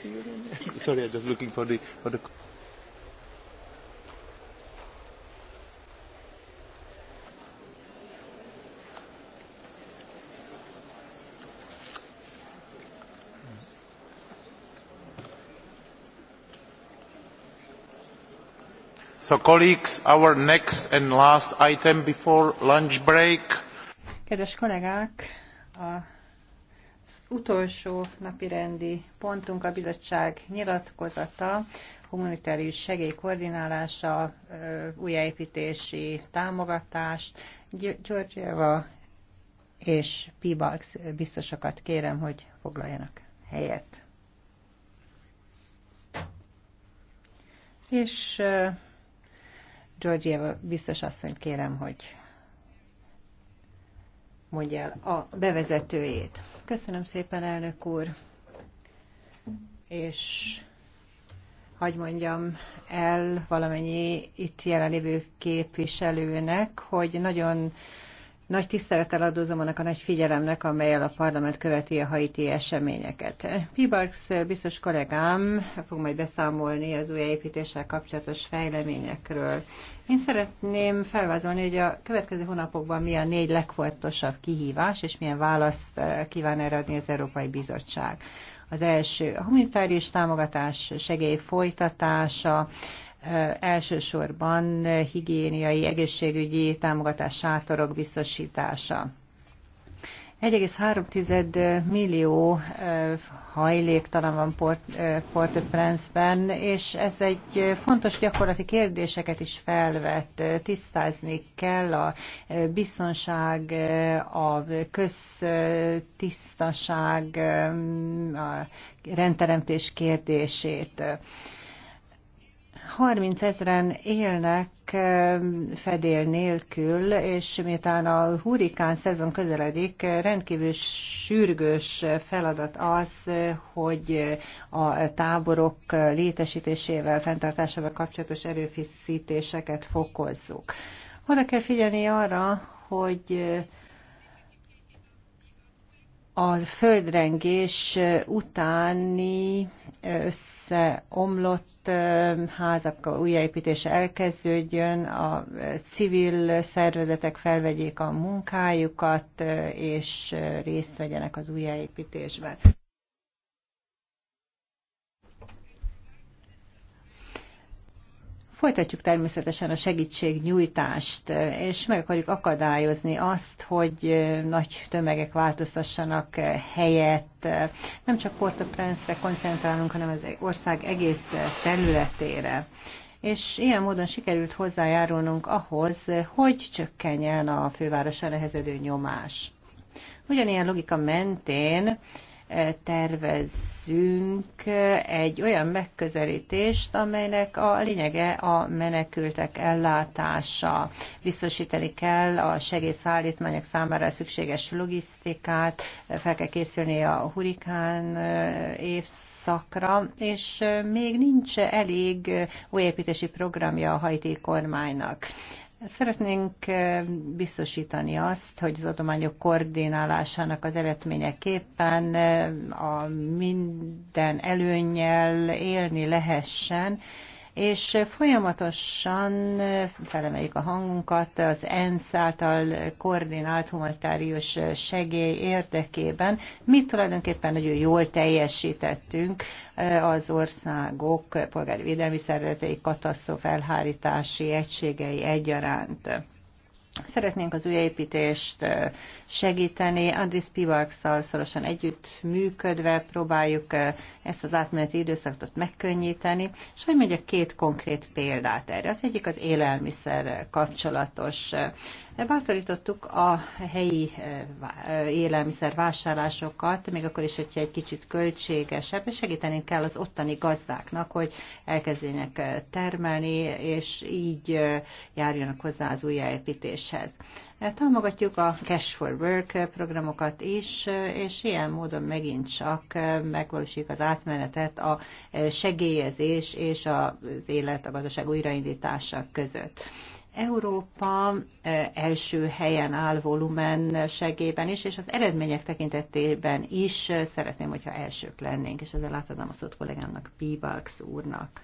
Sorry, I'm just looking for the for the. So, colleagues, our next and last item before lunch break. Kedves kollégák, a utolsó napi rendi pontunk a bizottság nyilatkozata, humanitárius segély koordinálása, újjáépítési támogatás. Georgieva és Pibax biztosokat kérem, hogy foglaljanak helyet. És Georgieva biztos asszonyt kérem, hogy mondja el a bevezetőjét. Köszönöm szépen, elnök úr, és hagy mondjam el valamennyi itt jelenlévő képviselőnek, hogy nagyon nagy tisztelettel adózom annak a nagy figyelemnek, amelyel a parlament követi a haiti eseményeket. Pibarks biztos kollégám fog majd beszámolni az új építéssel kapcsolatos fejleményekről. Én szeretném felvázolni, hogy a következő hónapokban mi a négy legfontosabb kihívás, és milyen választ eh, kíván erre adni az Európai Bizottság. Az első a humanitárius támogatás, segély folytatása, elsősorban higiéniai, egészségügyi támogatás sátorok biztosítása. 1,3 millió hajléktalan van port au prince és ez egy fontos gyakorlati kérdéseket is felvet. Tisztázni kell a biztonság, a köztisztaság, a rendteremtés kérdését. 30 ezeren élnek fedél nélkül, és miután a hurikán szezon közeledik, rendkívül sürgős feladat az, hogy a táborok létesítésével, fenntartásával kapcsolatos erőfeszítéseket fokozzuk. Oda kell figyelni arra, hogy a földrengés utáni összeomlott házak újjáépítése elkezdődjön, a civil szervezetek felvegyék a munkájukat, és részt vegyenek az újjáépítésben. Folytatjuk természetesen a segítségnyújtást, és meg akarjuk akadályozni azt, hogy nagy tömegek változtassanak helyet. Nem csak Port-au-Prince-re koncentrálunk, hanem az ország egész területére és ilyen módon sikerült hozzájárulnunk ahhoz, hogy csökkenjen a fővárosa elhezedő nyomás. Ugyanilyen logika mentén tervezzünk egy olyan megközelítést, amelynek a lényege a menekültek ellátása. Biztosítani kell a segélyszállítmányok számára szükséges logisztikát, fel kell készülni a hurikán eh, évszakra, szakra, és eh, még nincs elég újépítési programja a haiti kormánynak. Szeretnénk biztosítani azt, hogy az adományok koordinálásának az eredményeképpen a minden előnyel élni lehessen, és folyamatosan felemeljük a hangunkat az ENSZ által koordinált humanitárius segély érdekében. Mi tulajdonképpen nagyon jól teljesítettünk eh, az országok polgári védelmi szervezetei katasztrofelhárítási egységei egyaránt. Szeretnénk az újjáépítést segíteni. Andris Pivarkszal szorosan együtt működve próbáljuk ezt az átmeneti időszakot megkönnyíteni. És hogy mondjak két konkrét példát erre. Az egyik az élelmiszer kapcsolatos. Bátorítottuk a helyi eh, eh, élelmiszervásárlásokat, még akkor is, hogyha egy kicsit költségesebb, és segíteni kell az ottani gazdáknak, hogy elkezdjenek eh, termelni, és így járjanak hozzá az újjáépítéshez. Támogatjuk a Cash for Work programokat is, és ilyen módon megint csak megvalósítjuk az átmenetet a segélyezés és az élet, a gazdaság újraindítása között. Európa első helyen áll volumen segében is, és az eredmények tekintetében is szeretném, hogyha elsők lennénk, és ezzel átadom a szót kollégámnak, Pibalks úrnak.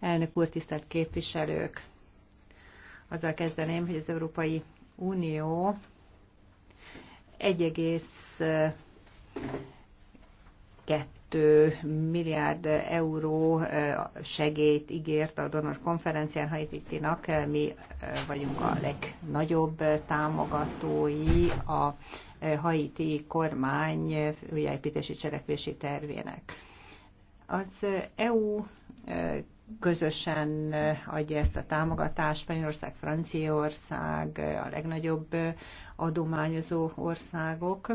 Elnök úr, tisztelt képviselők! Azzal kezdeném, hogy az Európai Unió 1, 2 milliárd euró eh, segélyt ígért a donor konferencián Haitinak. Mi eh, vagyunk a legnagyobb támogatói a eh, haiti kormány újjáépítési cselekvési tervének. Az EU közösen adja ezt a támogatást. Spanyolország, Franciaország a legnagyobb adományozó országok.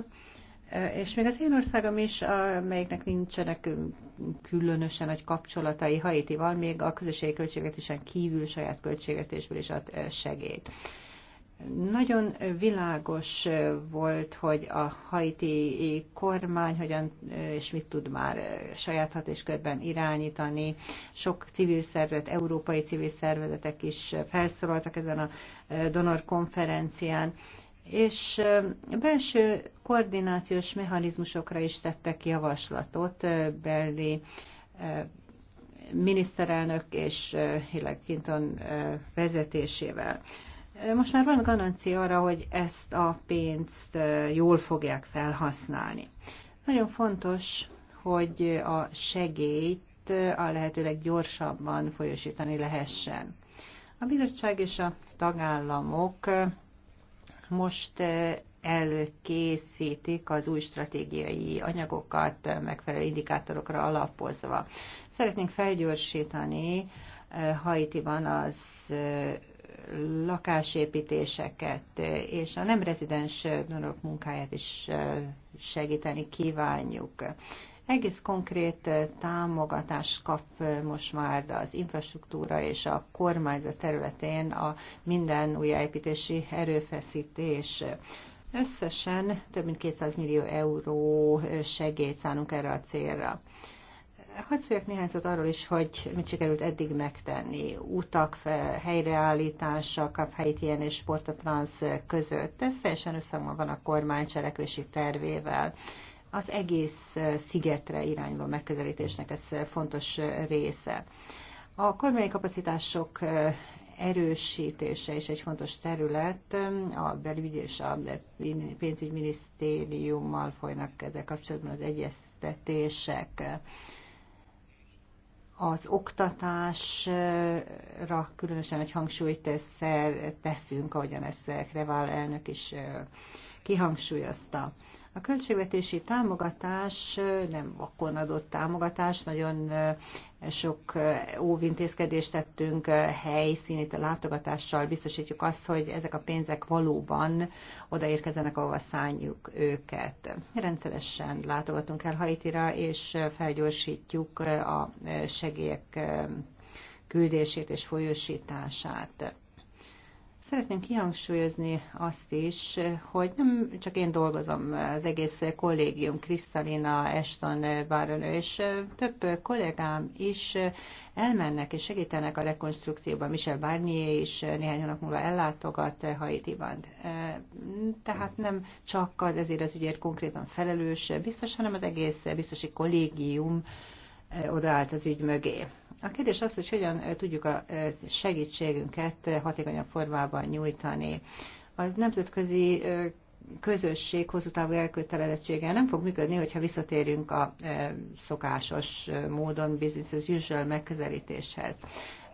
És még az én országom is, amelyiknek nincsenek különösen nagy kapcsolatai Haitival, még a közösségi költségvetésen kívül saját költségvetésből is ad eh, segélyt. Nagyon világos eh, volt, hogy a haiti kormány hogyan eh, és mit tud már saját hatáskörben irányítani. Sok civil szervezet, európai civil szervezetek is felszólaltak ezen a donor konferencián és belső koordinációs mechanizmusokra is tettek javaslatot belli miniszterelnök és Hillary Clinton vezetésével. Most már van garancia arra, hogy ezt a pénzt jól fogják felhasználni. Nagyon fontos, hogy a segélyt a lehetőleg gyorsabban folyosítani lehessen. A bizottság és a tagállamok most elkészítik az új stratégiai anyagokat megfelelő indikátorokra alapozva. Szeretnénk felgyorsítani Haitiban az lakásépítéseket és a nem rezidens donorok munkáját is segíteni kívánjuk egész konkrét támogatást kap most már az infrastruktúra és a kormányzat területén a minden újjáépítési erőfeszítés. Összesen több mint 200 millió euró segélyt szánunk erre a célra. Hadd szóljak néhány szót arról is, hogy mit sikerült eddig megtenni. Utak helyreállítása, kap ilyen és port között. Ez teljesen összhangban van a kormány cselekvési tervével az egész szigetre irányuló megközelítésnek ez fontos része. A kormányi kapacitások erősítése is egy fontos terület. A belügy és a pénzügyminisztériummal folynak ezzel kapcsolatban az egyeztetések az oktatásra különösen egy hangsúlyt teszünk, ahogyan ezt Kreval elnök is kihangsúlyozta. A költségvetési támogatás nem vakon adott támogatás, nagyon sok óvintézkedést tettünk helyszínét a látogatással, biztosítjuk azt, hogy ezek a pénzek valóban odaérkezenek, ahova szálljuk őket. Rendszeresen látogatunk el Haitira, és felgyorsítjuk a segélyek küldését és folyósítását. Szeretném kihangsúlyozni azt is, hogy nem csak én dolgozom, az egész kollégium, Krisztalina, Eston, Báronő, és több kollégám is elmennek és segítenek a rekonstrukcióban. Michel Barnier is néhány hónap múlva ellátogat Haitiban. Tehát nem csak az ezért az ügyért konkrétan felelős biztos, hanem az egész biztosi kollégium odaállt az ügy mögé. A kérdés az, hogy hogyan tudjuk a segítségünket hatékonyabb formában nyújtani. Az nemzetközi közösség hosszú távú elkötelezettsége nem fog működni, hogyha visszatérünk a szokásos módon business as usual megközelítéshez.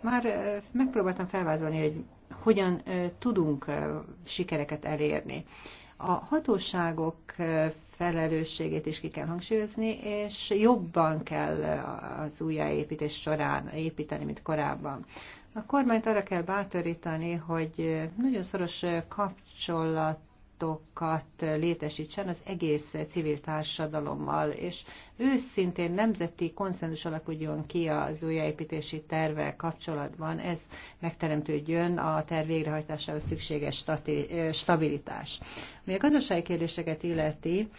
Már megpróbáltam felvázolni, hogy hogyan tudunk sikereket elérni. A hatóságok felelősségét is ki kell hangsúlyozni, és jobban kell az újjáépítés során építeni, mint korábban. A kormányt arra kell bátorítani, hogy nagyon szoros kapcsolat kapcsolatokat létesítsen az egész civil társadalommal, és őszintén nemzeti konszenzus alakuljon ki az újjáépítési terve kapcsolatban, ez megteremtődjön a terv végrehajtásához szükséges stabilitás. Ami a gazdasági kérdéseket illeti,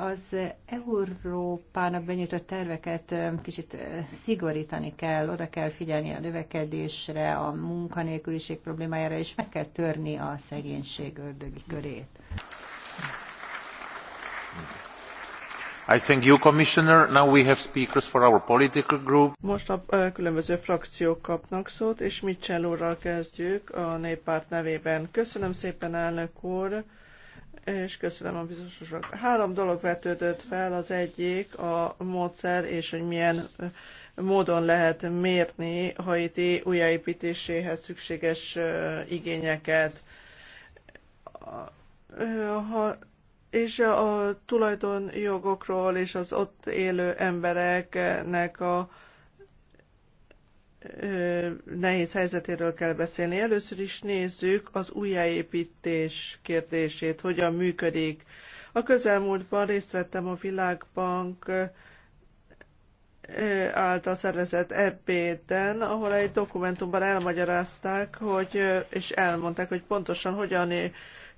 az Európának benyújtott terveket kicsit szigorítani kell, oda kell figyelni a növekedésre, a munkanélküliség problémájára, és meg kell törni a szegénység ördögi körét. I thank you, Commissioner. Now we have speakers for our political group. Most a különböző frakciók kapnak szót, és Mitchell úrral kezdjük a néppárt nevében. Köszönöm szépen, elnök úr! és köszönöm a biztosok. Három dolog vetődött fel, az egyik a módszer, és hogy milyen módon lehet mérni Haiti újjáépítéséhez szükséges igényeket. Ha, és a tulajdonjogokról és az ott élő embereknek a nehéz helyzetéről kell beszélni. Először is nézzük az újjáépítés kérdését, hogyan működik. A közelmúltban részt vettem a Világbank által szervezett ebéden, ahol egy dokumentumban elmagyarázták, hogy, és elmondták, hogy pontosan hogyan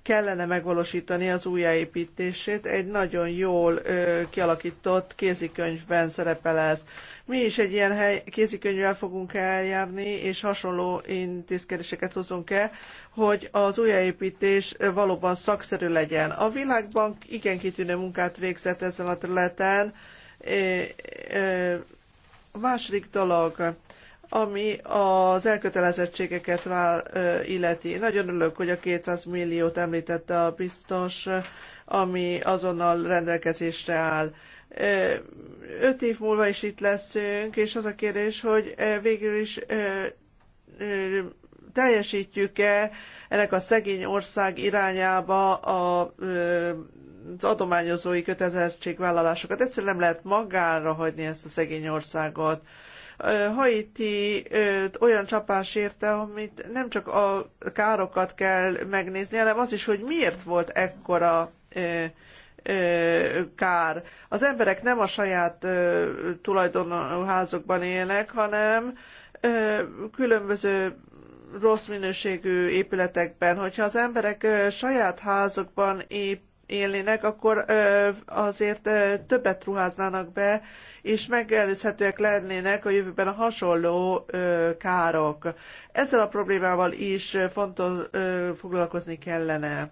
kellene megvalósítani az újjáépítését. Egy nagyon jól ö, kialakított kézikönyvben szerepel ez. Mi is egy ilyen hely, kézikönyvvel fogunk eljárni, és hasonló intézkedéseket hozunk el, hogy az újjáépítés valóban szakszerű legyen. A Világbank igen kitűnő munkát végzett ezen a területen. É, é, a második dolog, ami az elkötelezettségeket vál, illeti. Nagyon örülök, hogy a 200 milliót említette a biztos, ami azonnal rendelkezésre áll. Öt év múlva is itt leszünk, és az a kérdés, hogy végül is teljesítjük-e ennek a szegény ország irányába a az adományozói kötelezettségvállalásokat. Egyszerűen nem lehet magára hagyni ezt a szegény országot. Haiti olyan csapás érte, amit nem csak a károkat kell megnézni, hanem az is, hogy miért volt ekkora kár. Az emberek nem a saját tulajdonházokban élnek, hanem különböző rossz minőségű épületekben. Hogyha az emberek saját házokban élnének, akkor azért többet ruháznának be, és megelőzhetőek lennének a jövőben a hasonló károk. Ezzel a problémával is fontos foglalkozni kellene.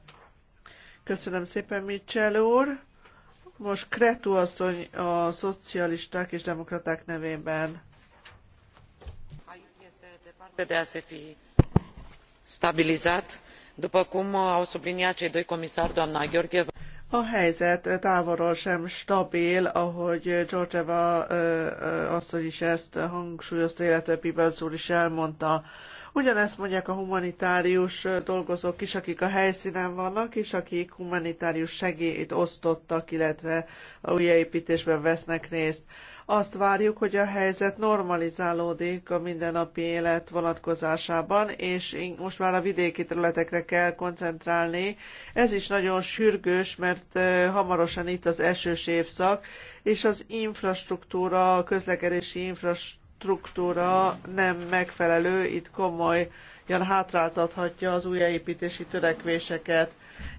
Köszönöm szépen, Mitchell úr. Most Kretu asszony a szocialisták és demokraták nevében. de a se fi stabilizat după cum au subliniat cei doi comisari doamna Gheorgheva. A helyzet távolról sem stabil, ahogy Georgeva asszony is ezt hangsúlyozta, illetve Pibelsz úr is elmondta. Ugyanezt mondják a humanitárius dolgozók is, akik a helyszínen vannak, és akik humanitárius segélyt osztottak, illetve a újjáépítésben vesznek részt. Azt várjuk, hogy a helyzet normalizálódik a mindennapi élet vonatkozásában, és most már a vidéki területekre kell koncentrálni. Ez is nagyon sürgős, mert hamarosan itt az esős évszak, és az infrastruktúra, a közlekedési infrastruktúra nem megfelelő, itt komoly ilyen hátráltathatja az újjáépítési törekvéseket.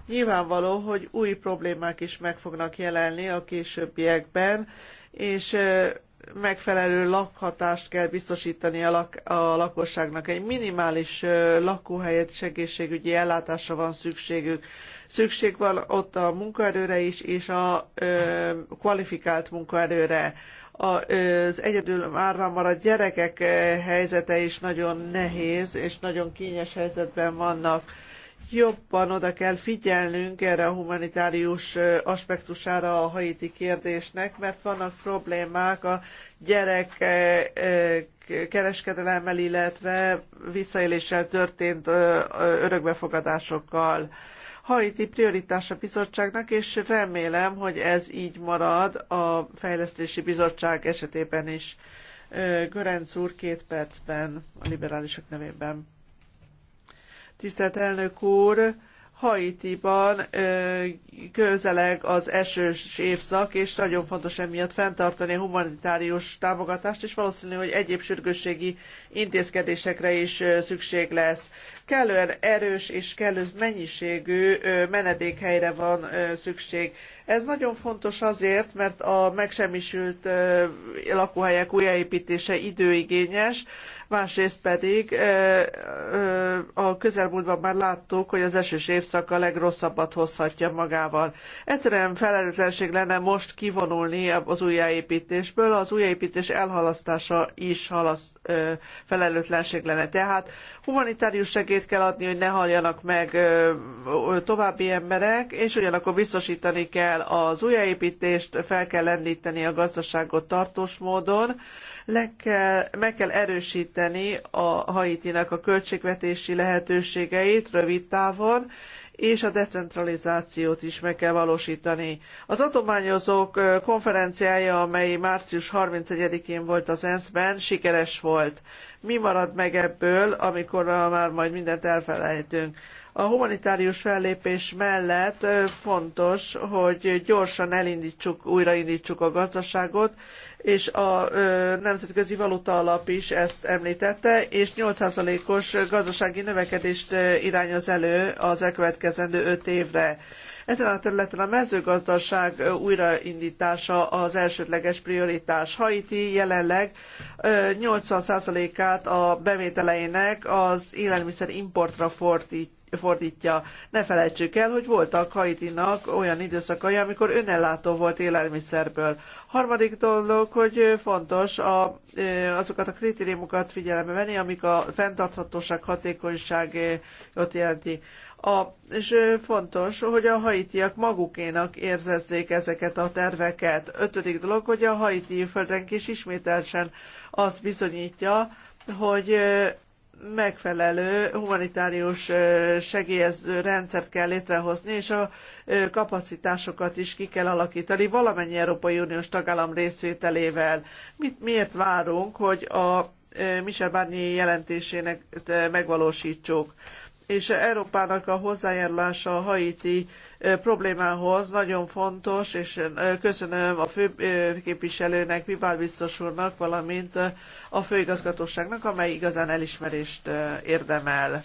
Nyilvánvaló, hogy új problémák is meg fognak jelenni a későbbiekben, és megfelelő lakhatást kell biztosítani a, lak- a lakosságnak. Egy minimális lakóhelyet és egészségügyi ellátásra van szükségük. Szükség van ott a munkaerőre is, és a ö, kvalifikált munkaerőre. A, az egyedül árván maradt gyerekek helyzete is nagyon nehéz, és nagyon kényes helyzetben vannak jobban oda kell figyelnünk erre a humanitárius aspektusára a haiti kérdésnek, mert vannak problémák a gyerek kereskedelemmel, illetve visszaéléssel történt örökbefogadásokkal. Haiti prioritás a bizottságnak, és remélem, hogy ez így marad a fejlesztési bizottság esetében is. Görenc úr két percben a liberálisok nevében. Tisztelt elnök úr, Haitiban közeleg az esős évszak, és nagyon fontos emiatt fenntartani a humanitárius támogatást, és valószínű, hogy egyéb sürgősségi intézkedésekre is szükség lesz. Kellően erős és kellő mennyiségű menedékhelyre van szükség. Ez nagyon fontos azért, mert a megsemmisült lakóhelyek újjáépítése időigényes, másrészt pedig a közelmúltban már láttuk, hogy az esős évszak a legrosszabbat hozhatja magával. Egyszerűen felelőtlenség lenne most kivonulni az újjáépítésből, az újjáépítés elhalasztása is halaszt, felelőtlenség lenne. Tehát humanitárius segét kell adni, hogy ne haljanak meg további emberek, és ugyanakkor biztosítani kell az újjáépítést, fel kell lendíteni a gazdaságot tartós módon, le kell, meg kell erősíteni a Haitinak a költségvetési lehetőségeit rövid távon, és a decentralizációt is meg kell valósítani. Az adományozók konferenciája, amely március 31-én volt az ENSZ-ben, sikeres volt. Mi marad meg ebből, amikor már majd mindent elfelejtünk? A humanitárius fellépés mellett fontos, hogy gyorsan elindítsuk, újraindítsuk a gazdaságot, és a Nemzetközi Valuta Alap is ezt említette, és 8%-os gazdasági növekedést irányoz elő az elkövetkezendő 5 évre. Ezen a területen a mezőgazdaság újraindítása az elsődleges prioritás. Haiti jelenleg 80%-át a bevételeinek az élelmiszer importra fordít fordítja. Ne felejtsük el, hogy voltak Haitinak olyan időszakai, amikor önellátó volt élelmiszerből. Harmadik dolog, hogy fontos a, azokat a kritériumokat figyelembe venni, amik a fenntarthatóság, hatékonyságot jelenti. A, és fontos, hogy a haitiak magukénak érzezzék ezeket a terveket. Ötödik dolog, hogy a haiti földrenk is ismételsen azt bizonyítja, hogy megfelelő humanitárius segélyező rendszert kell létrehozni, és a kapacitásokat is ki kell alakítani valamennyi Európai Uniós tagállam részvételével. Mit, miért várunk, hogy a Michel Barnier jelentésének megvalósítsuk? és Európának a hozzájárulása a haiti problémához nagyon fontos, és köszönöm a főképviselőnek, Pibál biztos úrnak, valamint a főigazgatóságnak, amely igazán elismerést érdemel.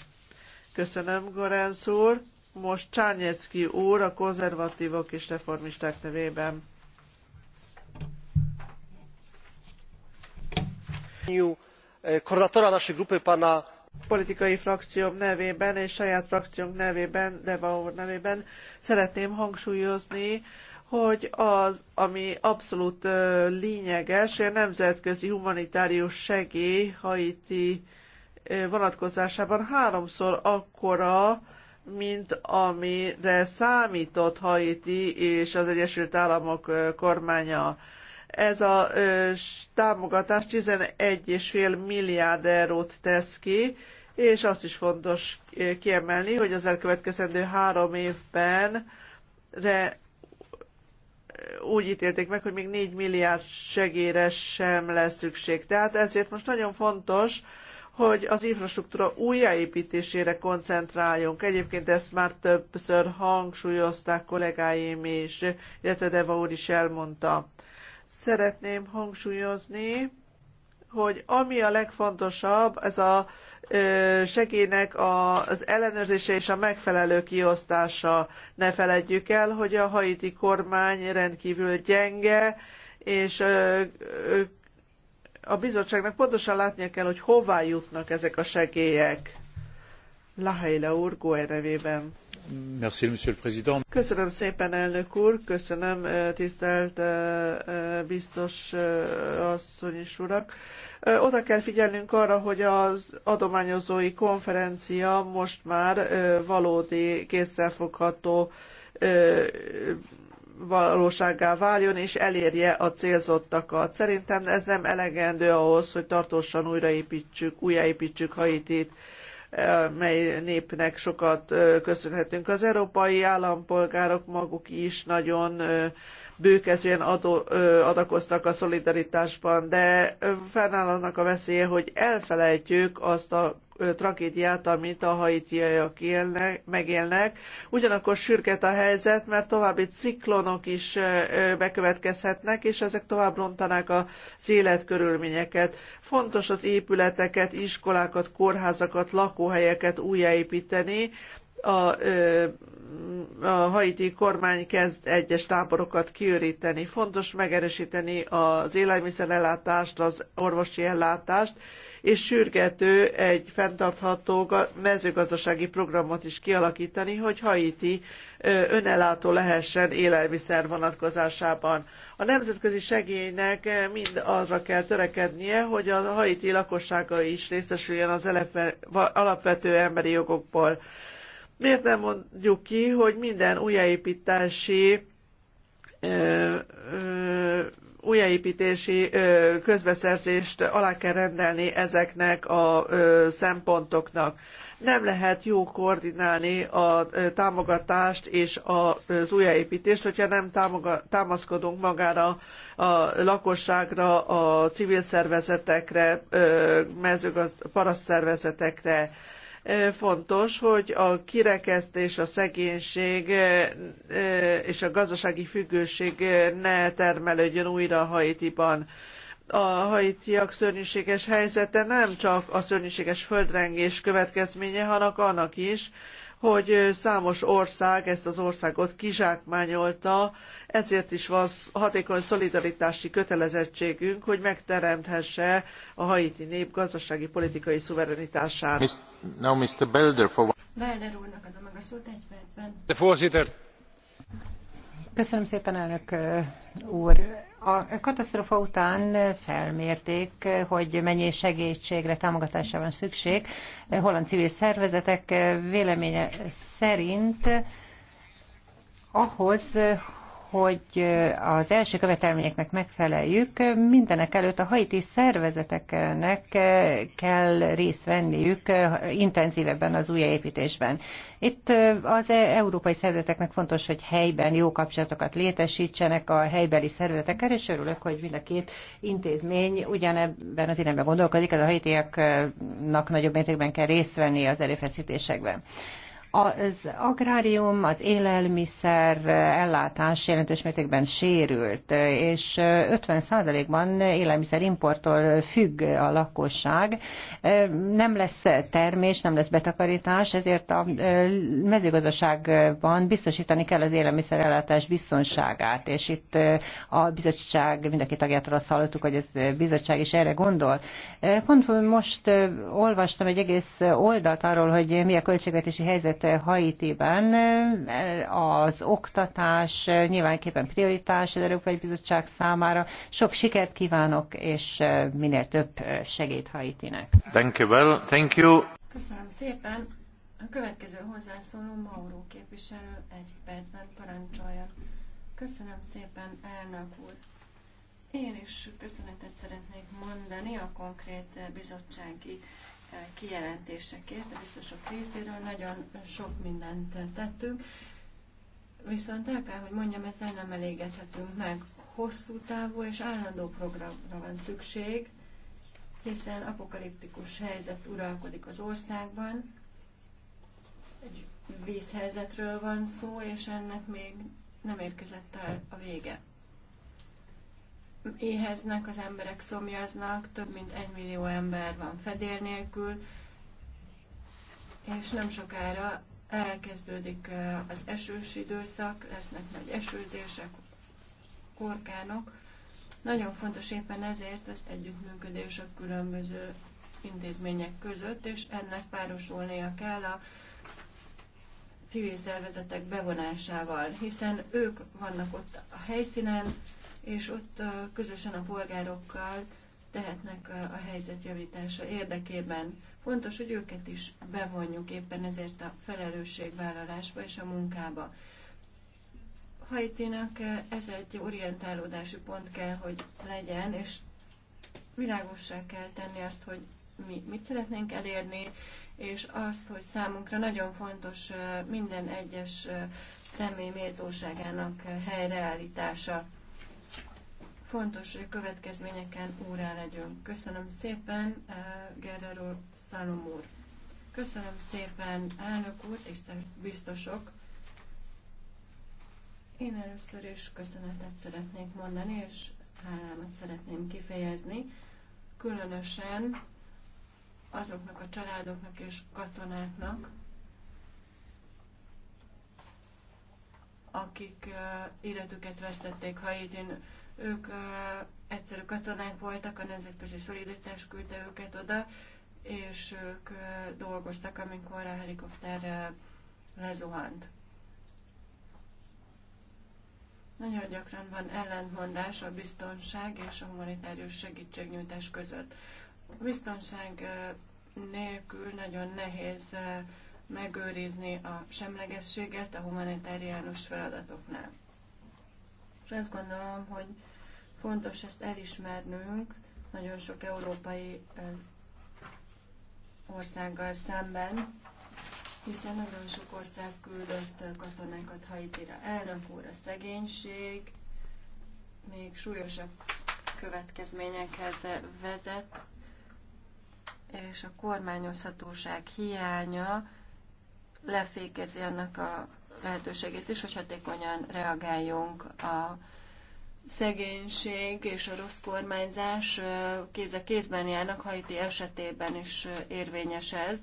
Köszönöm, Gorenc úr. Most Csányecki úr a konzervatívok és reformisták nevében. koordynatora naszej grupy pana politikai frakcióm nevében és saját frakcióm nevében, Devaur nevében szeretném hangsúlyozni, hogy az, ami abszolút ö, lényeges, a nemzetközi humanitárius segély Haiti ö, vonatkozásában háromszor akkora, mint amire számított Haiti és az Egyesült Államok kormánya. Ez a támogatás 11,5 milliárd eurót tesz ki, és azt is fontos kiemelni, hogy az elkövetkezendő három évben re úgy ítélték meg, hogy még 4 milliárd segére sem lesz szükség. Tehát ezért most nagyon fontos, hogy az infrastruktúra újjáépítésére koncentráljunk. Egyébként ezt már többször hangsúlyozták kollégáim is, illetve Deva úr is elmondta. Szeretném hangsúlyozni, hogy ami a legfontosabb, ez a segélynek az ellenőrzése és a megfelelő kiosztása. Ne feledjük el, hogy a haiti kormány rendkívül gyenge, és a bizottságnak pontosan látnia kell, hogy hová jutnak ezek a segélyek. Lahaila úr, Goe nevében. Köszönöm szépen, elnök úr, köszönöm tisztelt biztos asszony és urak. Oda kell figyelnünk arra, hogy az adományozói konferencia most már valódi, kézzelfogható valósággá váljon és elérje a célzottakat. Szerintem ez nem elegendő ahhoz, hogy tartósan újraépítsük, újjáépítsük Haitit mely népnek sokat köszönhetünk. Az európai állampolgárok maguk is nagyon bőkezően adakoztak a szolidaritásban, de fennáll annak a veszélye, hogy elfelejtjük azt a tragédiát, amit a haitiaiak élnek, megélnek. Ugyanakkor sürget a helyzet, mert további ciklonok is bekövetkezhetnek, és ezek tovább rontanák az életkörülményeket. Fontos az épületeket, iskolákat, kórházakat, lakóhelyeket újjáépíteni, a, a haiti kormány kezd egyes táborokat kiöríteni. Fontos megerősíteni az élelmiszerellátást, az orvosi ellátást, és sürgető egy fenntartható mezőgazdasági programot is kialakítani, hogy Haiti önellátó lehessen élelmiszer vonatkozásában. A nemzetközi segélynek mind arra kell törekednie, hogy a haiti lakossága is részesüljön az alapvető emberi jogokból. Miért nem mondjuk ki, hogy minden újjáépítási újjáépítési közbeszerzést alá kell rendelni ezeknek a szempontoknak. Nem lehet jó koordinálni a támogatást és az újjáépítést, hogyha nem támaszkodunk magára a lakosságra, a civil szervezetekre, mezőgazd- paraszt szervezetekre fontos, hogy a kirekesztés, a szegénység és a gazdasági függőség ne termelődjön újra Haitiban a haitiak szörnyűséges helyzete nem csak a szörnyűséges földrengés következménye, hanem annak is, hogy számos ország ezt az országot kizsákmányolta, ezért is van hatékony szolidaritási kötelezettségünk, hogy megteremthesse a haiti nép gazdasági politikai szuverenitását. Now Mr. Belder, for... Belder úrnak adom meg a szót egy percben. Köszönöm szépen, elnök úr a katasztrofa után felmérték, hogy mennyi segítségre, támogatásra van szükség. Holland civil szervezetek véleménye szerint ahhoz, hogy az első követelményeknek megfeleljük, mindenek előtt a haiti szervezeteknek kell részt venniük intenzívebben az újjáépítésben. Itt az e- európai szervezeteknek fontos, hogy helyben jó kapcsolatokat létesítsenek a helybeli szervezetekkel, és örülök, hogy mind a két intézmény ugyanebben az irányban gondolkodik, az a haitiaknak nagyobb mértékben kell részt venni az erőfeszítésekben. Az agrárium, az élelmiszer ellátás jelentős mértékben sérült, és 50%-ban élelmiszerimporttól függ a lakosság. Nem lesz termés, nem lesz betakarítás, ezért a mezőgazdaságban biztosítani kell az élelmiszer ellátás biztonságát, és itt a bizottság, mindenki tagjától azt hallottuk, hogy ez bizottság is erre gondol. Pont most olvastam egy egész oldalt arról, hogy mi a költségvetési helyzet Haitiben eh, az oktatás nyilvánképpen prioritás az Európai Bizottság számára. Sok sikert kívánok, és eh, minél több eh, segít Haitinek. Thank you well. Thank you. Köszönöm szépen. A következő hozzászóló Mauró képviselő egy percben parancsolja. Köszönöm szépen, elnök úr. Én is köszönetet szeretnék mondani a konkrét bizottsági kijelentésekért a biztosok részéről. Nagyon sok mindent tettünk, viszont el kell, hogy mondjam, ezzel nem elégedhetünk meg. Hosszú távú és állandó programra van szükség, hiszen apokaliptikus helyzet uralkodik az országban, egy vízhelyzetről van szó, és ennek még nem érkezett el a vége éheznek, az emberek szomjaznak, több mint egy millió ember van fedél nélkül, és nem sokára elkezdődik az esős időszak, lesznek nagy esőzések, orkánok. Nagyon fontos éppen ezért az együttműködés a különböző intézmények között, és ennek párosulnia kell a civil szervezetek bevonásával, hiszen ők vannak ott a helyszínen, és ott közösen a polgárokkal tehetnek a helyzet javítása érdekében. Fontos, hogy őket is bevonjuk éppen ezért a felelősségvállalásba és a munkába. Haitinak ez egy orientálódási pont kell, hogy legyen, és világossá kell tenni azt, hogy mi mit szeretnénk elérni, és azt, hogy számunkra nagyon fontos minden egyes személy méltóságának helyreállítása. Fontos, hogy következményeken órá legyünk. Köszönöm szépen, Gerrero Szalom úr. Köszönöm szépen, elnök úr, tisztelt biztosok. Én először is köszönetet szeretnék mondani, és hálámat szeretném kifejezni, különösen azoknak a családoknak és katonáknak, akik életüket vesztették Haitin. Ők egyszerű katonák voltak, a nemzetközi szolidaritás küldte őket oda, és ők dolgoztak, amikor a helikopter lezuhant. Nagyon gyakran van ellentmondás a biztonság és a humanitárius segítségnyújtás között. Biztonság nélkül nagyon nehéz megőrizni a semlegességet a humanitáriánus feladatoknál. És azt gondolom, hogy fontos ezt elismernünk nagyon sok európai országgal szemben, hiszen nagyon sok ország küldött katonákat Haitira. Elnök úr, a szegénység még súlyosabb következményekhez vezet és a kormányozhatóság hiánya lefékezi annak a lehetőségét is, hogy hatékonyan reagáljunk a szegénység és a rossz kormányzás kéz a kézben járnak, Haiti esetében is érvényes ez.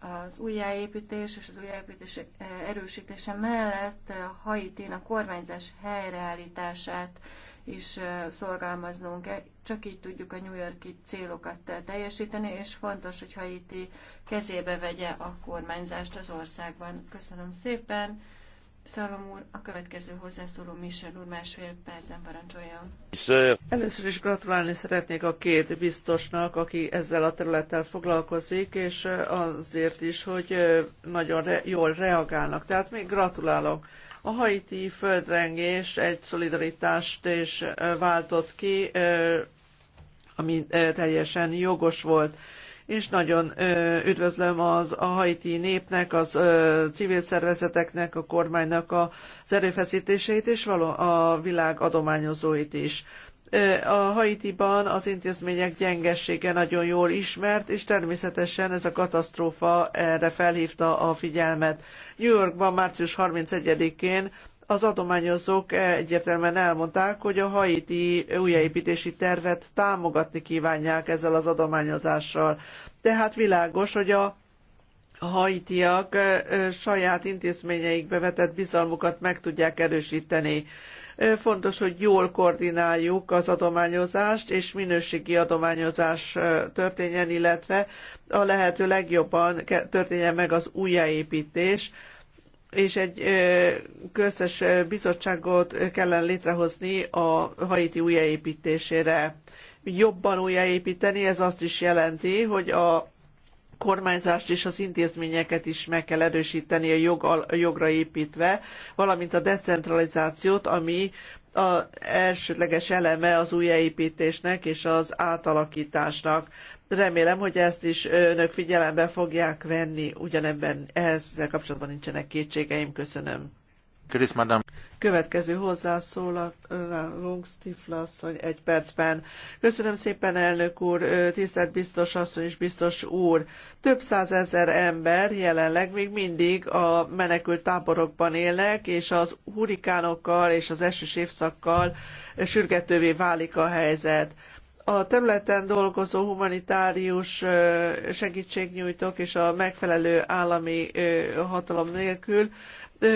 Az újjáépítés és az újjáépítés erősítése mellett Haitin a kormányzás helyreállítását is szorgalmaznunk csak így tudjuk a New Yorki célokat teljesíteni, és fontos, hogy Haiti kezébe vegye a kormányzást az országban. Köszönöm szépen. Szalom úr, a következő hozzászóló Michel úr másfél percen parancsolja. Először is gratulálni szeretnék a két biztosnak, aki ezzel a területtel foglalkozik, és azért is, hogy nagyon re- jól reagálnak. Tehát még gratulálok. A haiti földrengés egy szolidaritást és váltott ki ami teljesen jogos volt és nagyon üdvözlöm az a haiti népnek, az civil szervezeteknek, a kormánynak az erőfeszítéseit, és való a világ adományozóit is. A Haitiban az intézmények gyengessége nagyon jól ismert, és természetesen ez a katasztrófa erre felhívta a figyelmet. New Yorkban március 31-én az adományozók egyértelműen elmondták, hogy a haiti újjáépítési tervet támogatni kívánják ezzel az adományozással. Tehát világos, hogy a haitiak saját intézményeikbe vetett bizalmukat meg tudják erősíteni. Fontos, hogy jól koordináljuk az adományozást, és minőségi adományozás történjen, illetve a lehető legjobban történjen meg az újjáépítés, és egy köztes bizottságot kellene létrehozni a Haiti újjáépítésére. Jobban újjáépíteni, ez azt is jelenti, hogy a kormányzást és az intézményeket is meg kell erősíteni a, jog, a jogra építve, valamint a decentralizációt, ami a elsődleges eleme az újjáépítésnek és az átalakításnak. Remélem, hogy ezt is önök figyelembe fogják venni, ugyanebben ezzel kapcsolatban nincsenek kétségeim. Köszönöm. Krisz, madam. Következő hozzászólalunk, Stifla asszony, egy percben. Köszönöm szépen, elnök úr, tisztelt biztos asszony és biztos úr. Több százezer ember jelenleg még mindig a menekült táborokban élnek, és az hurikánokkal és az esős évszakkal sürgetővé válik a helyzet a területen dolgozó humanitárius segítségnyújtók és a megfelelő állami hatalom nélkül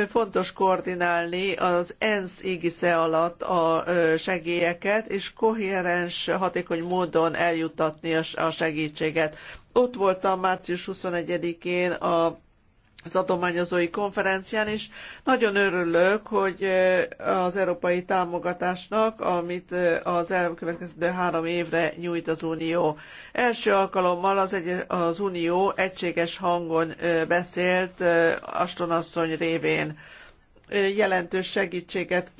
fontos koordinálni az ENSZ égisze alatt a segélyeket, és koherens, hatékony módon eljuttatni a segítséget. Ott voltam március 21-én a az adományozói konferencián, és nagyon örülök, hogy az európai támogatásnak, amit az elkövetkező három évre nyújt az Unió. Első alkalommal az, egy, az Unió egységes hangon beszélt Astonasszony révén jelentős segítséget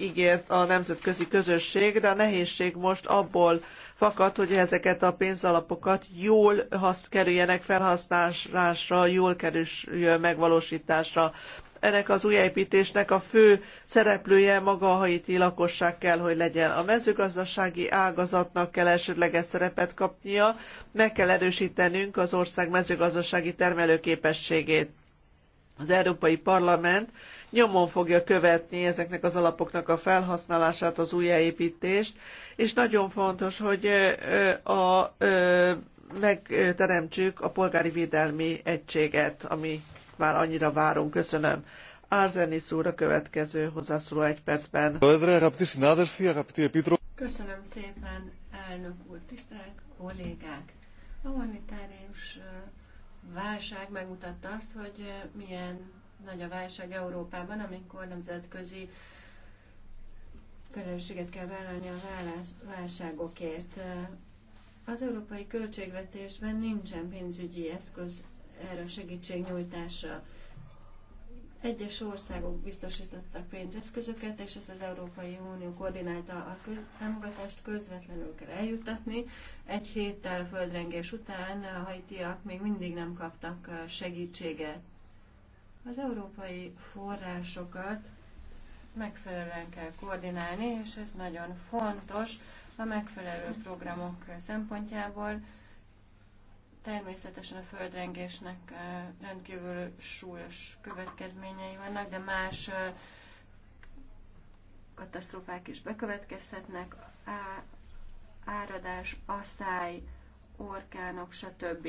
ígért a nemzetközi közösség, de a nehézség most abból fakad, hogy ezeket a pénzalapokat jól haszt, kerüljenek felhasználásra, jól kerüljön megvalósításra. Ennek az újjáépítésnek a fő szereplője maga a haiti lakosság kell, hogy legyen. A mezőgazdasági ágazatnak kell elsődleges szerepet kapnia, meg kell erősítenünk az ország mezőgazdasági termelőképességét. Az Európai Parlament nyomon fogja követni ezeknek az alapoknak a felhasználását, az újjáépítést, és nagyon fontos, hogy a, a megteremtsük a polgári védelmi egységet, ami már annyira várunk. Köszönöm. Arzenis úr a következő hozzászóló egy percben. Köszönöm szépen, elnök úr, tisztelt kollégák! A humanitárius válság megmutatta azt, hogy milyen nagy a válság Európában, amikor nemzetközi felelősséget kell vállalni a válságokért. Az európai költségvetésben nincsen pénzügyi eszköz erre a segítségnyújtásra. Egyes országok biztosítottak pénzeszközöket, és ezt az Európai Unió koordinálta a támogatást közvetlenül kell eljutatni. Egy héttel földrengés után a haitiak még mindig nem kaptak segítséget. Az európai forrásokat megfelelően kell koordinálni, és ez nagyon fontos a megfelelő programok szempontjából. Természetesen a földrengésnek rendkívül súlyos következményei vannak, de más katasztrófák is bekövetkezhetnek, áradás, asszály, orkánok, stb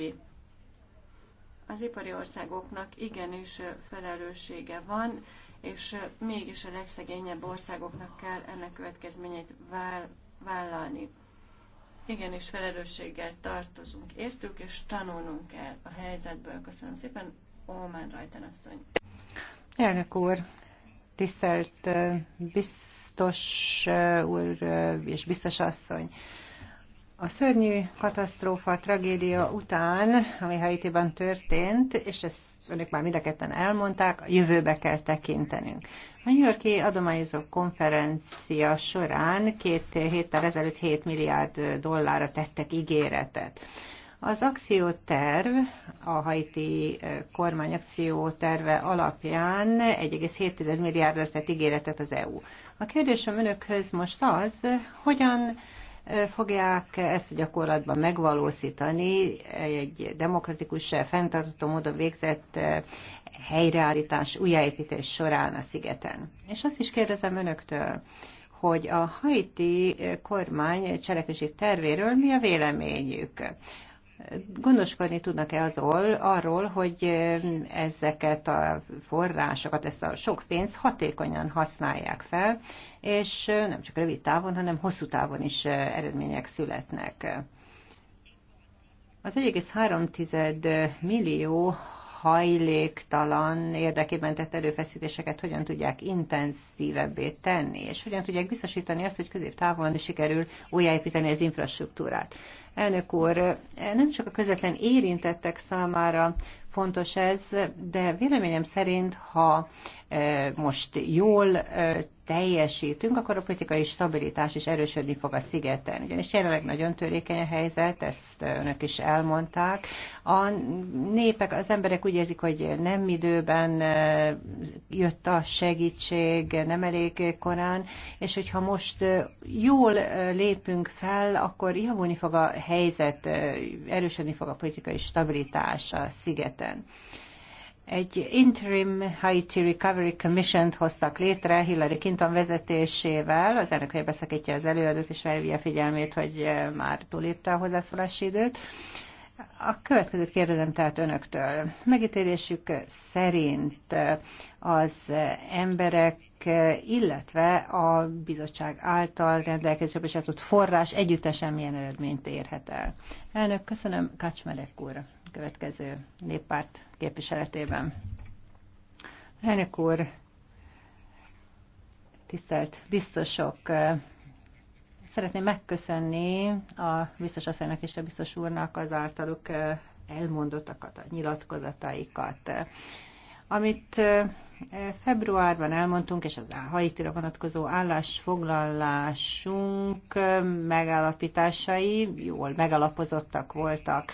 az ipari országoknak igenis felelőssége van, és mégis a legszegényebb országoknak kell ennek következményeit vállalni. Igenis felelősséggel tartozunk értük, és tanulnunk kell a helyzetből. Köszönöm szépen, Olmán Rajten asszony. Elnök úr, tisztelt biztos úr és biztos asszony. A szörnyű katasztrófa, tragédia után, ami Haitiban történt, és ezt önök már mind a ketten elmondták, a jövőbe kell tekintenünk. A New Yorki adományozó konferencia során két héttel ezelőtt 7 milliárd dollárra tettek ígéretet. Az akcióterv, a haiti eh, kormány akcióterve alapján 1,7 milliárdra tett ígéretet az EU. A kérdésem önökhöz most az, hogyan fogják ezt gyakorlatban megvalósítani egy demokratikus, fenntartható módon végzett eh, helyreállítás, újjáépítés során a szigeten. És azt is kérdezem önöktől, hogy a haiti eh, kormány cselekvési tervéről mi a véleményük gondoskodni tudnak-e azról, arról, hogy eh, ezeket a forrásokat, ezt a sok pénzt hatékonyan használják fel, és eh, nem csak rövid távon, hanem hosszú távon is eh, eredmények születnek. Az 1,3 millió hajléktalan érdekében tett erőfeszítéseket hogyan tudják intenzívebbé tenni, és hogyan tudják biztosítani azt, hogy középtávon sikerül újjáépíteni az infrastruktúrát. Elnök úr, nem csak a közvetlen érintettek számára fontos ez, de véleményem szerint, ha most jól teljesítünk, akkor a politikai stabilitás is erősödni fog a szigeten. Ugyanis jelenleg nagyon törékeny a helyzet, ezt önök is elmondták. A népek, az emberek úgy érzik, hogy nem időben jött a segítség, nem elég korán, és hogyha most jól lépünk fel, akkor javulni fog a helyzet, erősödni fog a politikai stabilitás a szigeten. Egy Interim Haiti Recovery Commission-t hoztak létre Hillary Clinton vezetésével. Az elnök beszakítja az előadót, és felhívja figyelmét, hogy eh, már túlírta a hozzászólási időt. A következőt kérdezem tehát önöktől. Megítélésük szerint eh, az emberek Eh, illetve a bizottság által rendelkezésre bocsátott forrás együttesen milyen eredményt érhet el. Elnök, köszönöm. Kacsmerek úr, következő néppárt képviseletében. Elnök úr, tisztelt biztosok, eh, szeretném megköszönni a biztos asszonynak és a biztos úrnak az általuk eh, elmondottakat, a nyilatkozataikat. Amit februárban elmondtunk, és az Haitira vonatkozó állásfoglalásunk megállapításai jól megalapozottak voltak.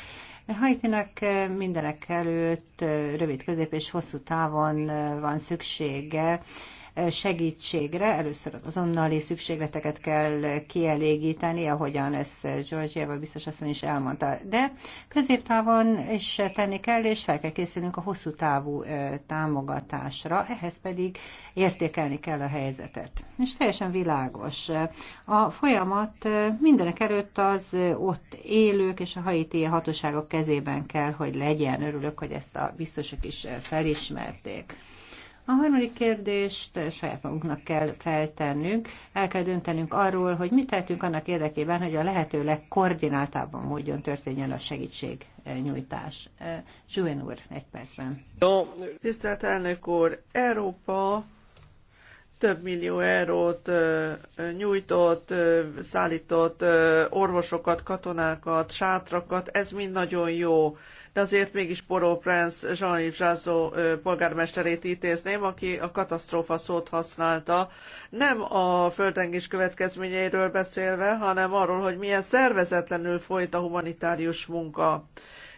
Haitinak mindenek előtt rövid, közép és hosszú távon van szüksége segítségre. Először az azonnali szükségleteket kell kielégíteni, ahogyan ezt Georgiával biztos asszony is elmondta. De középtávon is tenni kell, és fel kell készülnünk a hosszú távú támogatásra, ehhez pedig értékelni kell a helyzetet. És teljesen világos. A folyamat mindenek előtt az ott élők és a haiti hatóságok kezében kell, hogy legyen. Örülök, hogy ezt a biztosok is felismerték. A harmadik kérdést saját magunknak kell feltennünk, el kell döntenünk arról, hogy mit tehetünk annak érdekében, hogy a lehető legkoordináltábban módjon történjen a segítségnyújtás. Zsúen eh, úr, egy percben. Tisztelt elnök úr, Európa több millió eurót eh, nyújtott, eh, szállított orvosokat, katonákat, sátrakat, ez mind nagyon jó de azért mégis Poró Prince Jean-Yves Jazzo polgármesterét ítézném, aki a katasztrófa szót használta, nem a földrengés következményeiről beszélve, hanem arról, hogy milyen szervezetlenül folyt a humanitárius munka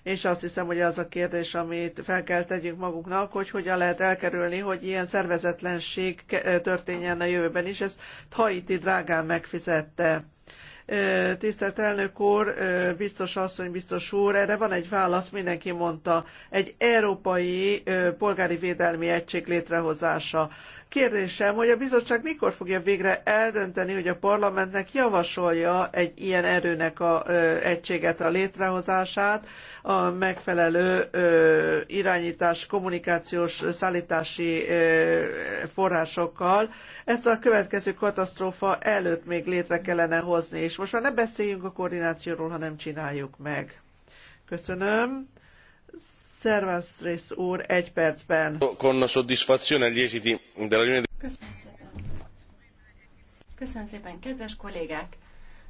és azt hiszem, hogy az a kérdés, amit fel kell tegyünk magunknak, hogy hogyan lehet elkerülni, hogy ilyen szervezetlenség történjen a jövőben is. Ezt Haiti drágán megfizette. Tisztelt elnök úr, biztos asszony, biztos úr, erre van egy válasz, mindenki mondta, egy európai polgári védelmi egység létrehozása. Kérdésem, hogy a bizottság mikor fogja végre eldönteni, hogy a parlamentnek javasolja egy ilyen erőnek a ö, egységet a létrehozását, a megfelelő ö, irányítás, kommunikációs, szállítási ö, forrásokkal. Ezt a következő katasztrófa előtt még létre kellene hozni, és most már ne beszéljünk a koordinációról, hanem csináljuk meg. Köszönöm. Szervanstrész úr egy percben. Con soddisfazione e Köszönöm szépen, kedves kollégák!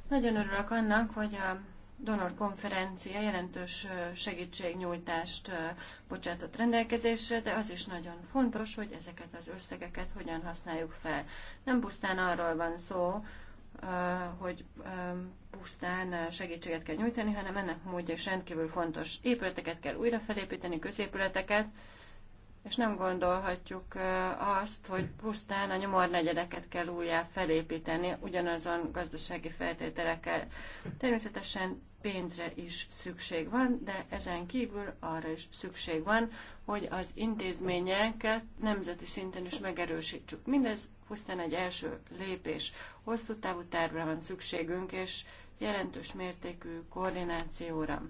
Nagyon örülök annak, hogy a donor konferencia jelentős segítségnyújtást bocsátott rendelkezésre, de az is nagyon fontos, hogy ezeket az összegeket hogyan használjuk fel. Nem pusztán arról van szó, hogy pusztán segítséget kell nyújtani, hanem ennek módja is rendkívül fontos. Épületeket kell újra felépíteni, középületeket, és nem gondolhatjuk azt, hogy pusztán a nyomornegyedeket kell újjá felépíteni ugyanazon gazdasági feltételekkel. Természetesen pénzre is szükség van, de ezen kívül arra is szükség van, hogy az intézményeket nemzeti szinten is megerősítsük. Mindez pusztán egy első lépés. Hosszú távú tervre van szükségünk, és jelentős mértékű koordinációra.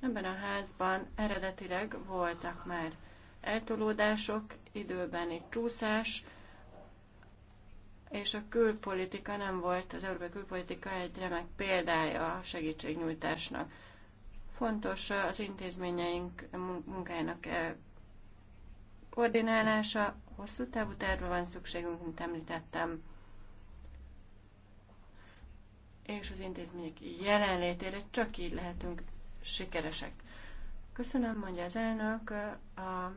Ebben a házban eredetileg voltak már eltolódások, időbeni csúszás, és a külpolitika nem volt, az európai külpolitika egy remek példája a segítségnyújtásnak. Fontos az intézményeink munkájának eh, koordinálása, hosszú távú tervre van szükségünk, mint említettem, és az intézmények jelenlétére csak így lehetünk sikeresek. Köszönöm, mondja az elnök. A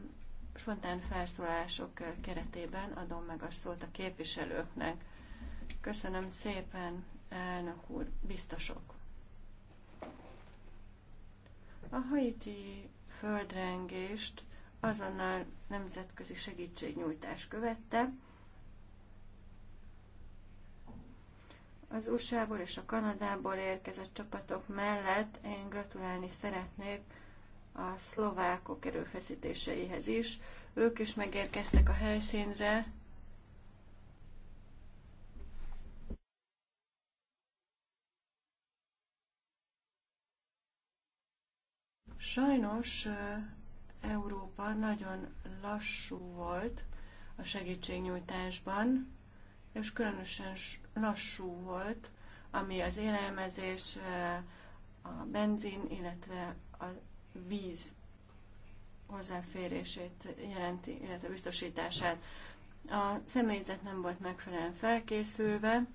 spontán felszólások keretében adom meg a szót a képviselőknek. Köszönöm szépen, elnök úr, biztosok. A haiti földrengést azonnal nemzetközi segítségnyújtás követte. Az USA-ból és a Kanadából érkezett csapatok mellett én gratulálni szeretnék a szlovákok erőfeszítéseihez is. Ők is megérkeztek a helyszínre, Sajnos Európa nagyon lassú volt a segítségnyújtásban, és különösen lassú volt, ami az élelmezés, eh, a benzin, illetve a víz hozzáférését jelenti, illetve biztosítását. A személyzet nem volt megfelelően felkészülve,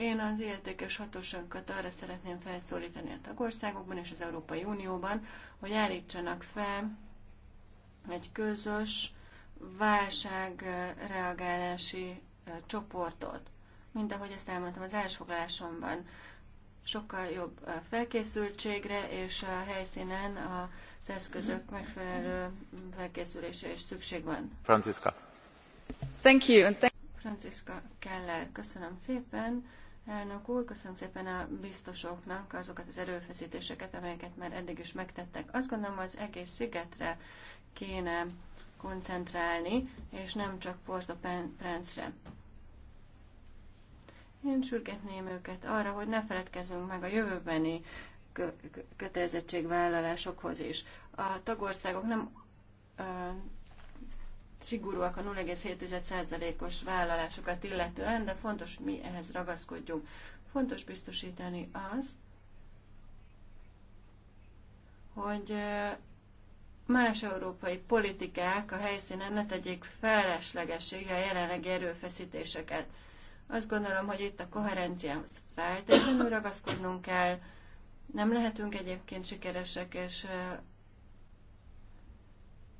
én az értékes hatóságokat arra szeretném felszólítani a tagországokban és az Európai Unióban, hogy állítsanak fel egy közös válságreagálási csoportot, mint ahogy ezt elmondtam az elsfoglalásomban, Sokkal jobb felkészültségre és a helyszínen az eszközök megfelelő felkészülése is szükség van. Franciska. Thank you. Franciska Keller, köszönöm szépen. Elnök úr, köszönöm szépen a biztosoknak azokat az erőfeszítéseket, amelyeket már eddig is megtettek. Azt gondolom, az egész szigetre kéne koncentrálni, és nem csak Porto prince re Én sürgetném őket arra, hogy ne feledkezzünk meg a jövőbeni kö- kötelezettségvállalásokhoz is. A tagországok nem szigorúak a 0,7%-os vállalásokat illetően, de fontos, hogy mi ehhez ragaszkodjunk. Fontos biztosítani azt, hogy más európai politikák a helyszínen ne tegyék feleslegessége a jelenlegi erőfeszítéseket. Azt gondolom, hogy itt a koherenciához feltétlenül ragaszkodnunk kell, nem lehetünk egyébként sikeresek és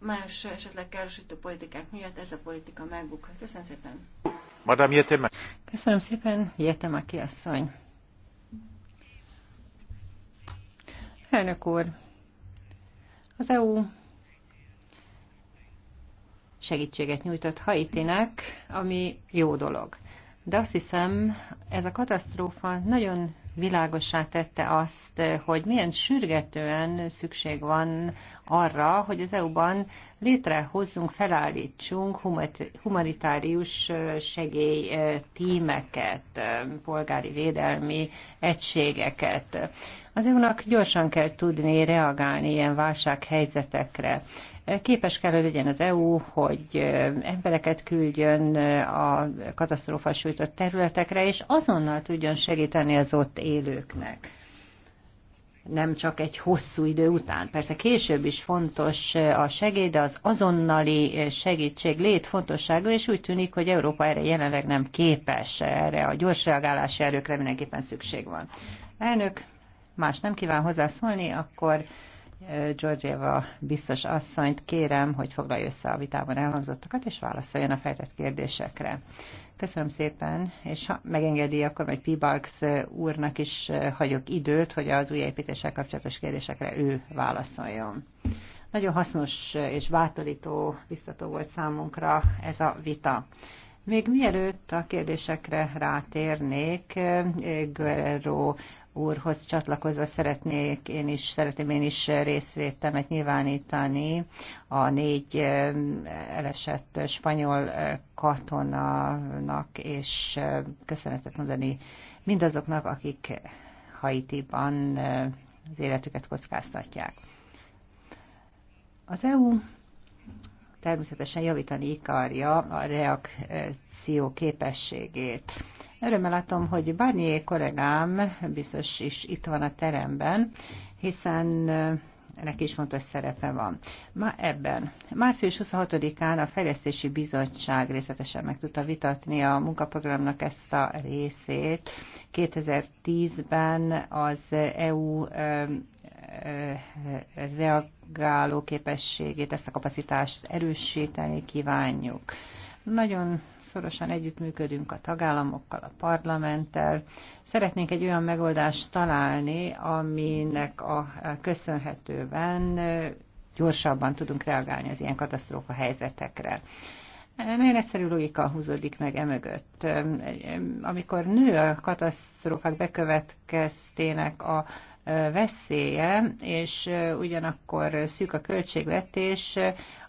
más esetleg károsító politikák miatt ez a politika megbukhat. Köszönöm szépen. Madame Jetema. Köszönöm szépen, Jetemaki kiasszony. Elnök úr, az EU segítséget nyújtott Haitinek, ami jó dolog. De azt hiszem, ez a katasztrófa nagyon világossá tette azt, hogy milyen sürgetően szükség van arra, hogy az EU-ban létrehozzunk, felállítsunk humanitárius segélytímeket, polgári védelmi egységeket. Az EU-nak gyorsan kell tudni reagálni ilyen válsághelyzetekre. Képes kell, hogy legyen az EU, hogy embereket küldjön a katasztrófa sújtott területekre, és azonnal tudjon segíteni az ott élőknek nem csak egy hosszú idő után. Persze később is fontos a segély, de az azonnali segítség létfontosságú, és úgy tűnik, hogy Európa erre jelenleg nem képes, erre a gyors reagálási erőkre mindenképpen szükség van. Elnök, más nem kíván hozzászólni, akkor Georgieva biztos asszonyt kérem, hogy foglalja össze a vitában elhangzottakat, és válaszoljon a feltett kérdésekre. Köszönöm szépen, és ha megengedi, akkor majd Pibarks úrnak is hagyok időt, hogy az új építéssel kapcsolatos kérdésekre ő válaszoljon. Nagyon hasznos és bátorító, biztató volt számunkra ez a vita. Még mielőtt a kérdésekre rátérnék, Guerrero úrhoz csatlakozva szeretnék én is, szeretném én is részvétemet nyilvánítani a négy elesett spanyol katonának, és köszönetet mondani mindazoknak, akik Haitiban az életüket kockáztatják. Az EU természetesen javítani akarja a reakció képességét. Örömmel látom, hogy Barnier kollégám biztos is itt van a teremben, hiszen neki is fontos szerepe van. Ma ebben. Március 26-án a Fejlesztési Bizottság részletesen meg tudta vitatni a munkaprogramnak ezt a részét. 2010-ben az EU reagáló képességét, ezt a kapacitást erősíteni kívánjuk. Nagyon szorosan együttműködünk a tagállamokkal, a parlamenttel. Szeretnénk egy olyan megoldást találni, aminek a köszönhetően gyorsabban tudunk reagálni az ilyen katasztrófa helyzetekre. Nagyon egyszerű logika húzódik meg emögött. Amikor nő a katasztrófák bekövetkeztének a veszélye, és ugyanakkor szűk a költségvetés,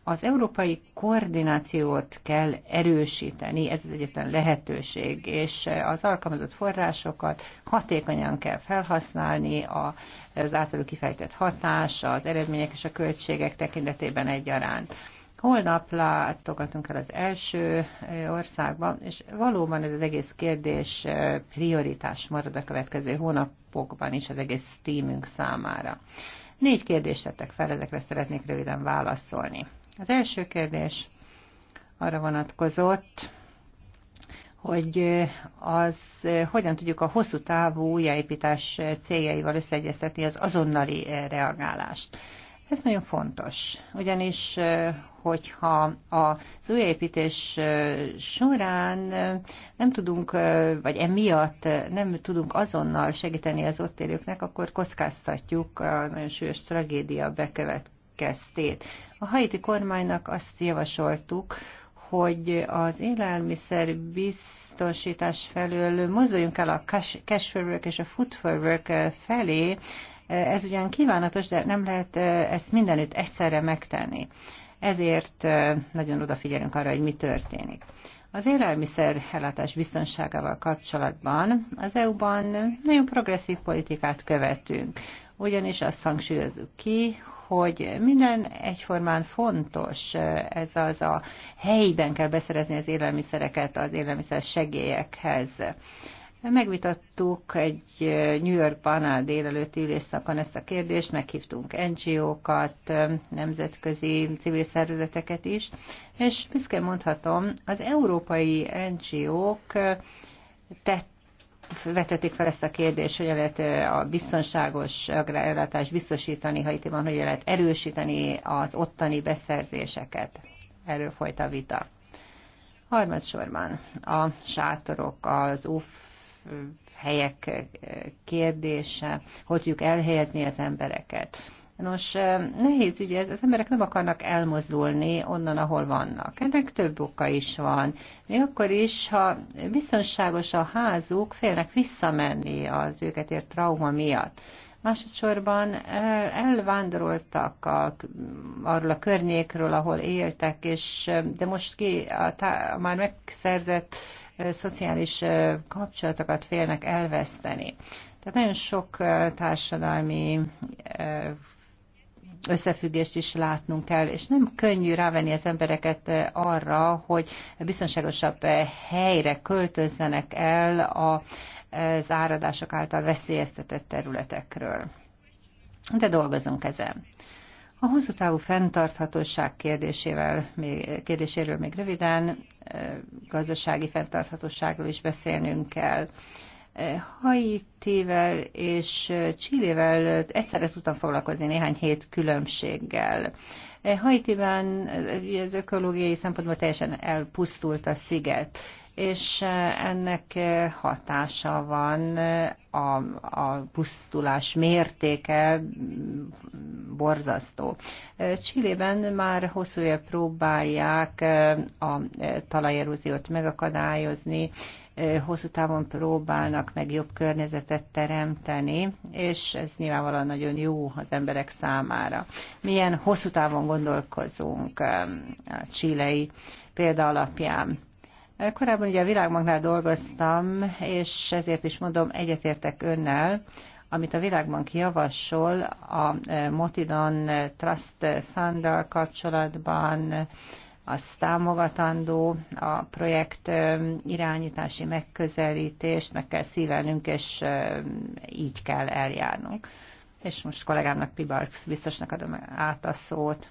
az európai koordinációt kell erősíteni, ez az egyetlen lehetőség, és az alkalmazott forrásokat hatékonyan kell felhasználni, az általuk kifejtett hatás, az eredmények és a költségek tekintetében egyaránt. Holnap látogatunk el az első országban, és valóban ez az egész kérdés prioritás marad a következő hónapokban is az egész tímünk számára. Négy kérdést tettek fel, ezekre szeretnék röviden válaszolni. Az első kérdés arra vonatkozott, hogy az hogyan tudjuk a hosszú távú újjáépítás céljaival összeegyeztetni az azonnali reagálást. Ez nagyon fontos, ugyanis hogyha az újjáépítés során nem tudunk, vagy emiatt nem tudunk azonnal segíteni az ott élőknek, akkor kockáztatjuk a nagyon súlyos tragédia bekövet, szerkesztét. A haiti kormánynak azt javasoltuk, hogy az élelmiszer biztosítás felől mozduljunk el a cash for work és a food for work eh, felé. Eh, ez ugyan kívánatos, de nem lehet eh, ezt mindenütt egyszerre megtenni. Ezért nagyon odafigyelünk arra, hogy mi történik. Az élelmiszer ellátás biztonságával kapcsolatban az EU-ban nagyon progresszív politikát követünk, ugyanis azt hangsúlyozzuk ki, hogy minden egyformán fontos, ez az a helyben kell beszerezni az élelmiszereket az élelmiszer segélyekhez. Megvitattuk egy New Yorkban Panel délelőtti ülésszakon ezt a kérdést, meghívtunk NGO-kat, nemzetközi civil szervezeteket is, és büszkén mondhatom, az európai NGO-k tett vetették fel ezt a kérdést, hogy lehet a biztonságos agrárelátást biztosítani van, hogy lehet erősíteni az ottani beszerzéseket. Erről folyt a vita. Harmadsorban a sátorok, az UF helyek kérdése, hogy tudjuk elhelyezni az embereket Nos, nehéz ugye ez, az emberek nem akarnak elmozdulni onnan, ahol vannak. Ennek több oka is van. Mi akkor is, ha biztonságos a házuk, félnek visszamenni az őket ért trauma miatt. Másodszorban elvándoroltak a, arról a környékről, ahol éltek, és de most ki a, tá, a már megszerzett szociális kapcsolatokat félnek elveszteni. Tehát nagyon sok társadalmi összefüggést is látnunk kell, és nem könnyű rávenni az embereket eh, arra, hogy biztonságosabb eh, helyre költözzenek el a az eh, áradások által veszélyeztetett területekről. De dolgozunk ezen. A hosszú távú fenntarthatóság kérdésével, még, kérdéséről még röviden, gazdasági fenntarthatóságról is beszélnünk kell. Haitivel és Csillivel egyszerre tudtam foglalkozni néhány hét különbséggel. Haitiben az ökológiai szempontból teljesen elpusztult a sziget, és ennek hatása van a, a pusztulás mértéke borzasztó. Csillében már hosszú éve próbálják a talajeróziót megakadályozni, hosszú távon próbálnak meg jobb környezetet teremteni, és ez nyilvánvalóan nagyon jó az emberek számára. Milyen hosszú távon gondolkozunk a csilei példa alapján. Korábban ugye a világmagnál dolgoztam, és ezért is mondom, egyetértek önnel, amit a Világbank javasol a Motidan Trust fund kapcsolatban, az támogatandó, a projekt irányítási megközelítést meg kell szívelnünk, és így kell eljárnunk. És most kollégámnak Pibarks biztosnak adom át a szót.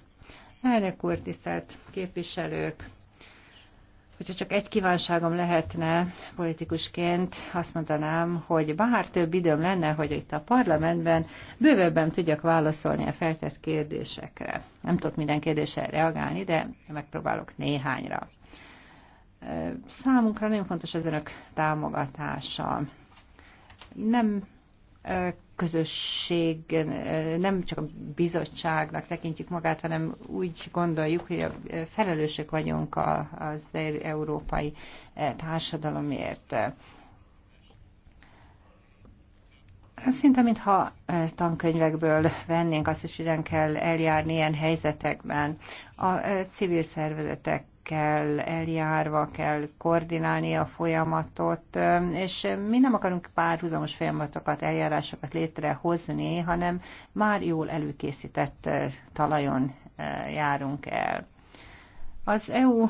Elnök úr, tisztelt képviselők! Hogyha csak egy kívánságom lehetne politikusként, azt mondanám, hogy bár több időm lenne, hogy itt a parlamentben bővebben tudjak válaszolni a feltett kérdésekre. Nem tudok minden kérdésre reagálni, de megpróbálok néhányra. Számunkra nagyon fontos az önök támogatása. Nem közösség, nem csak a bizottságnak tekintjük magát, hanem úgy gondoljuk, hogy felelősek vagyunk az e- európai e, társadalomért. Szinte, mintha tankönyvekből vennénk azt is, hogyan kell eljárni ilyen helyzetekben. A civil szervezetek kell eljárva, kell koordinálni a folyamatot, és mi nem akarunk párhuzamos folyamatokat, eljárásokat létrehozni, hanem már jól előkészített talajon eh, járunk el. Az EU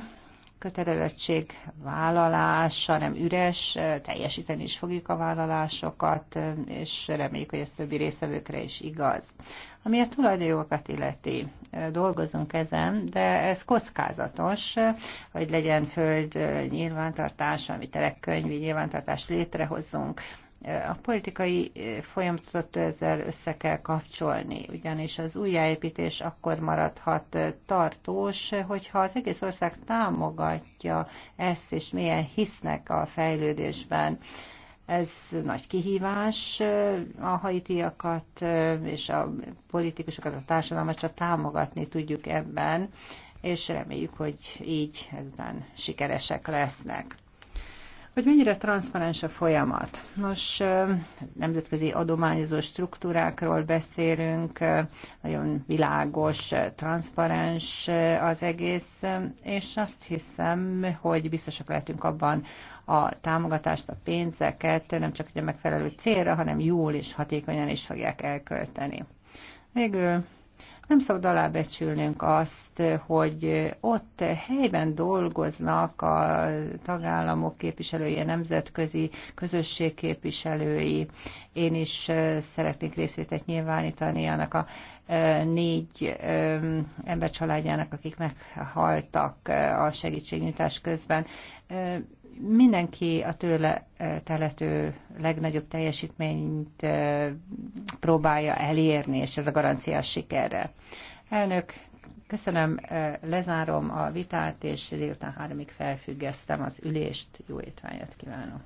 kötelezettség vállalása, nem üres, teljesíteni is fogjuk a vállalásokat, és reméljük, hogy ez többi részevőkre is igaz. Ami a tulajdonjogokat illeti, dolgozunk ezen, de ez kockázatos, hogy legyen föld nyilvántartás, ami telekkönyvi nyilvántartást létrehozzunk. A politikai folyamatot ezzel össze kell kapcsolni, ugyanis az újjáépítés akkor maradhat tartós, hogyha az egész ország támogatja ezt, és milyen hisznek a fejlődésben. Ez nagy kihívás a haitiakat és a politikusokat, a társadalmat csak támogatni tudjuk ebben, és reméljük, hogy így ezután sikeresek lesznek hogy mennyire transzparens a folyamat. Nos, nemzetközi adományozó struktúrákról beszélünk, nagyon világos, transzparens az egész, és azt hiszem, hogy biztosak lehetünk abban a támogatást, a pénzeket nem csak ugye megfelelő célra, hanem jól és hatékonyan is fogják elkölteni. Végül nem szabad alábecsülnünk azt, hogy ott helyben dolgoznak a tagállamok képviselői, a nemzetközi közösség képviselői. Én is szeretnék részvételt nyilvánítani annak a négy ember családjának, akik meghaltak a segítségnyújtás közben mindenki a tőle telető legnagyobb teljesítményt próbálja elérni, és ez a garancia a sikerre. Elnök, köszönöm, lezárom a vitát, és délután háromig felfüggesztem az ülést. Jó étvágyat kívánok!